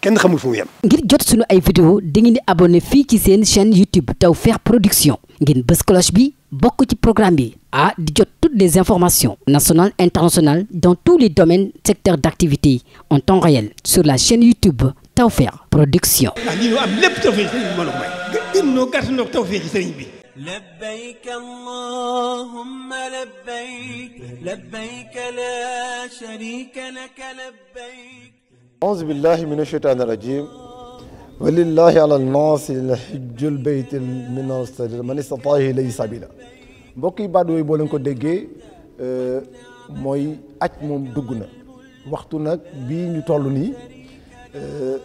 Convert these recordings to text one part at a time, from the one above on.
kenn xamul fu mu yem. ngir jot sunu ay vidéo dangeen di abonné fii ci seen chaîne YouTube Tawfekh Production ngeen bës bi bokk ci programme bi ah di jot toutes les informations nationales internationales dans tous les domaines secteurs d'activité en temps réel sur la chaîne YouTube Tawfekh Production. ah lii ñu am lépp tawfeex ci sëriñ bi moom mooy gën ñoo gàtt bi. labbayk allahumma labbayk la sharika lak labbayk. أعوذ بالله من الشيطان الرجيم ولله على الناس الحج البيت من من استطاع إليه سبيلا mbokk yi baat yooyu boo leen ko déggee euh, mooy aj moom dugg na waxtu nag bii ñu toll nii euh,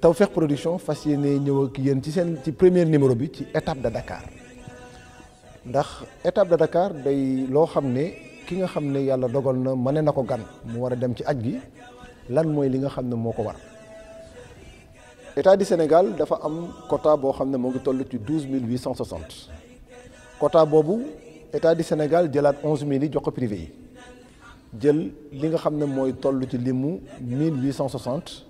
Tawfekh Production fas yéene ñëw ak yéen ci seen ci premier numéro bi ci étape de Dakar ndax étape de Dakar day loo xam ne ki nga xam ne yàlla dogal na mën na ko gan mu war a dem ci aj gi lan mooy li nga xam ne moo ko war état du Sénégal dafa am quota boo xam ne moo ngi toll ci douze mille huit cent soixante quota boobu état du Sénégal jëlaat onze mille yi jox ko privé yi jël li nga xam ne mooy tollu ci limu mille huit cent soixante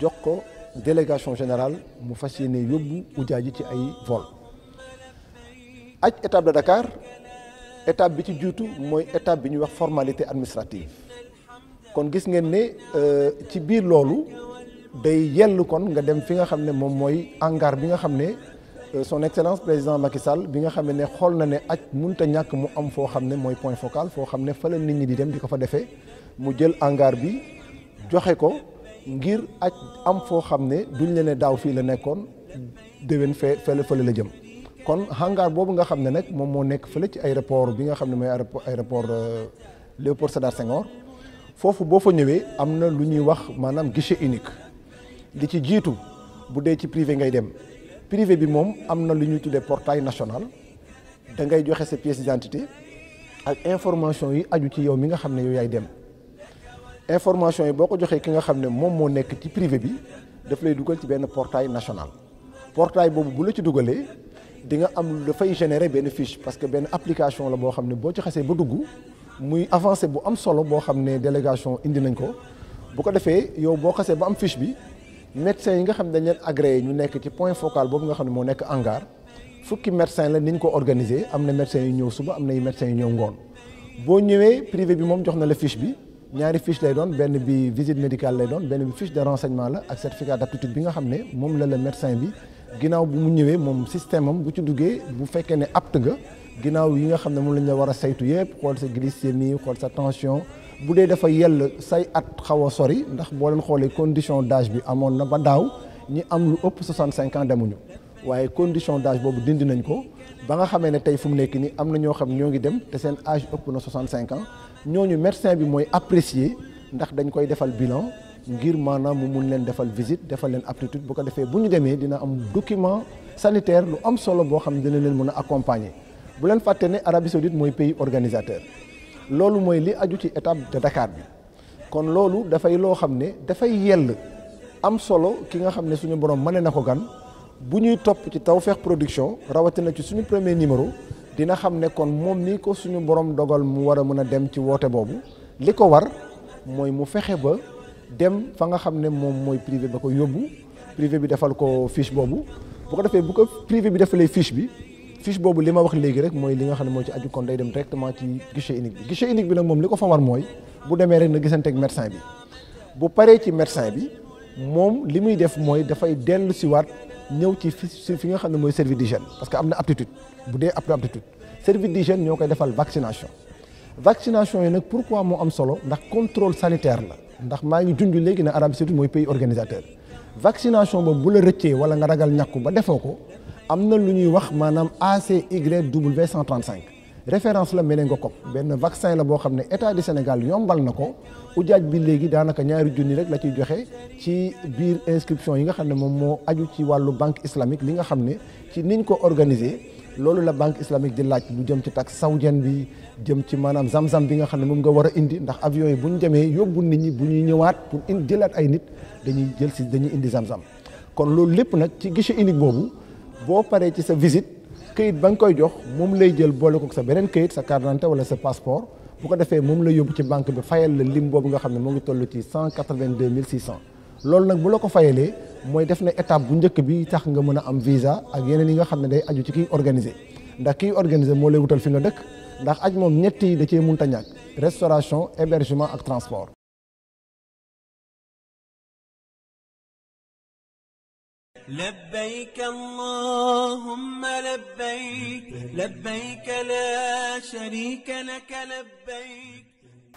jox ko délégation général mu fas yéene yóbbu ujaaj ji ci ay vol aj étape de Dakar étape bi ci juutu mooy étape bi ñuy wax formalité administrative kon gis ngeen ne euh, ci biir loolu day yell kon nga dem fi nga xam ne moom mooy hangar bi nga xam ne euh, son excellence président Macky Sall bi nga xam ne xool na ne aj munta ñàkk mu am foo xam ne mooy point focal foo xam ne fa la nit ñi di dem di ko fa defee mu jël hangar bi joxe ko ngir aj am foo xam ne duñ le ne daaw fii la nekkoon déwén fee fële fële la jëm kon hangar boobu nga xam ne nag moom moo nekk fële ci aéroport bi nga xam ne mooy aéroport euh, Léopold Sédar Senghor foofu boo fa ñëwee am na lu ñuy wax maanaam guichet unique li ci jiitu bu dee ci privé ngay dem privé bi moom am na lu ñuy tuddee portail national da joxe sa pièce d'identité ak information yi aju ci yow mi nga xam ne yow yaay dem information yi boo ko joxee ki nga xam ne moom moo nekk ci privé bi daf lay dugal ci benn portail national portail boobu bu la ci dugalee di nga am dafay générer benn fiche parce que benn application la boo xam ne boo ci xasee ba dugg muy avancé bu am solo boo xam ne délégation indi nañ ko bu ko defee yow boo xasee ba am fiche bi médecin yi nga xam ne dañ leen agréé ñu nekk ci point focal boobu nga xam ne moo nekk hangar fukki médecin la ni ñu ko organisé am na médecin yu ñëw suba am na médecin yu ñëw ngoon boo ñëwee privé bi moom jox na la fiche bi ñaari fiche lay benn bi visite médicale doon benn bi fiche de renseignement la ak certificat d'aptitude nga xam ne moom la la médecin bi ginnaaw bi mu ñëwee moom système am bu ci duggee bu fekkee ne apte nga ginnaaw yi nga xam ne moom lañ la war a saytu yëpp xool sa glycémie xool sa tension bu dee dafa yell say at xaw a sori ndax boo leen xoolee condition dage bi amoon na ba daaw ñi am lu ëpp 65 ans demuñu waaye condition d'âge boobu dindi nañ ko ba nga xamee ne tey fu mu nekk nii am na ñoo xam ñoo ngi dem te seen âge ëpp na 65 ans ñooñu médecin bi mooy apprécier ndax dañ koy defal bilan ngir maanaam mu mun leen defal visite defal leen aptitude bu ko defee bu ñu demee dina am document sanitaire am solo boo xam ne dina leen mën a accompagner. bu leen fàtte ne Arabie Saoudite mooy pays organisateur loolu mooy li aju ci étape de Dakar bi kon loolu dafay loo xam ne dafay yell am solo ki nga xam ne suñu borom mën na ko gan bu ñuy topp ci Tawfekh Production rawatina ci suñu premier numéro dina xam ne kon moom mii ko suñu borom dogal mu war a mën a dem ci woote boobu li ko war mooy mu fexe ba dem fa nga xam ne moom mooy privé ba ko yóbbu privé bi defal ko fiche boobu bu ko defee bu ko privé bi defalee fiche bi. fiche boobu li ma wax léegi rek mooy li nga xam ne moo ci aju kon day dem directement ci guichet unique bi guichet unique bi nag moom li ko fa war mooy bu demee rek na gisanteeg médecin bi bu paree ci médecin bi moom li muy def mooy dafay dellu siwaat ñëw ci fi fi nga xam ne mooy service d'hygiène parce que am na aptitude bu dee ab aptitude service d'hygiène ñoo koy defal vaccination vaccination yi nag pourquoi moo am solo ndax contrôle sanitaire la ndax maa ngi junj léegi ne Arabie Saoudite mooy pays organisateur vaccination boobu bu la rëccee wala nga ragal ñàkku ba defoo ko am na lu ñuy wax maanaam ACYW 135 référence la ko méningocoque benn vaccin la boo xam ne état du Sénégal yombal na ko ujaaj bi léegi daanaka ñaari junni rek la ciy joxe ci biir inscription yi nga xam ne moom moo aju ci wàllu banque islamique li nga xam ne ci niñ ko organiser loolu la banque islamique di laaj lu jëm ci taxe saoudienne bi jëm ci maanaam zam-zam bi nga xam ne moom nga war a indi ndax avion yi bu ñu demee yóbbu nit ñi bu ñuy ñëwaat pour indi jëlaat ay nit dañuy jël si dañuy indi zam-zam kon loolu lépp nag ci guichet unique boobu boo paree ci sa visite këyit ba nga koy jox moom lay jël boole ko sa beneen këyit sa carte d'identité wala sa passeport bu ko defee moom la yóbbu ci banque bi fayal la lim boobu nga xam ne moo ngi loolu nag bu la ko fayalee mooy def na étape bu njëkk bi tax nga mën a am visa ak yeneen yi nga xam ne day aju ci kiy organiser ndax kiy organiser moo lay wutal fi nga dëkk ndax aj moom ñetti da cee munta ñàkk restauration hébergement ak transport labbayk allahumma labbayk la sharika lak labbayk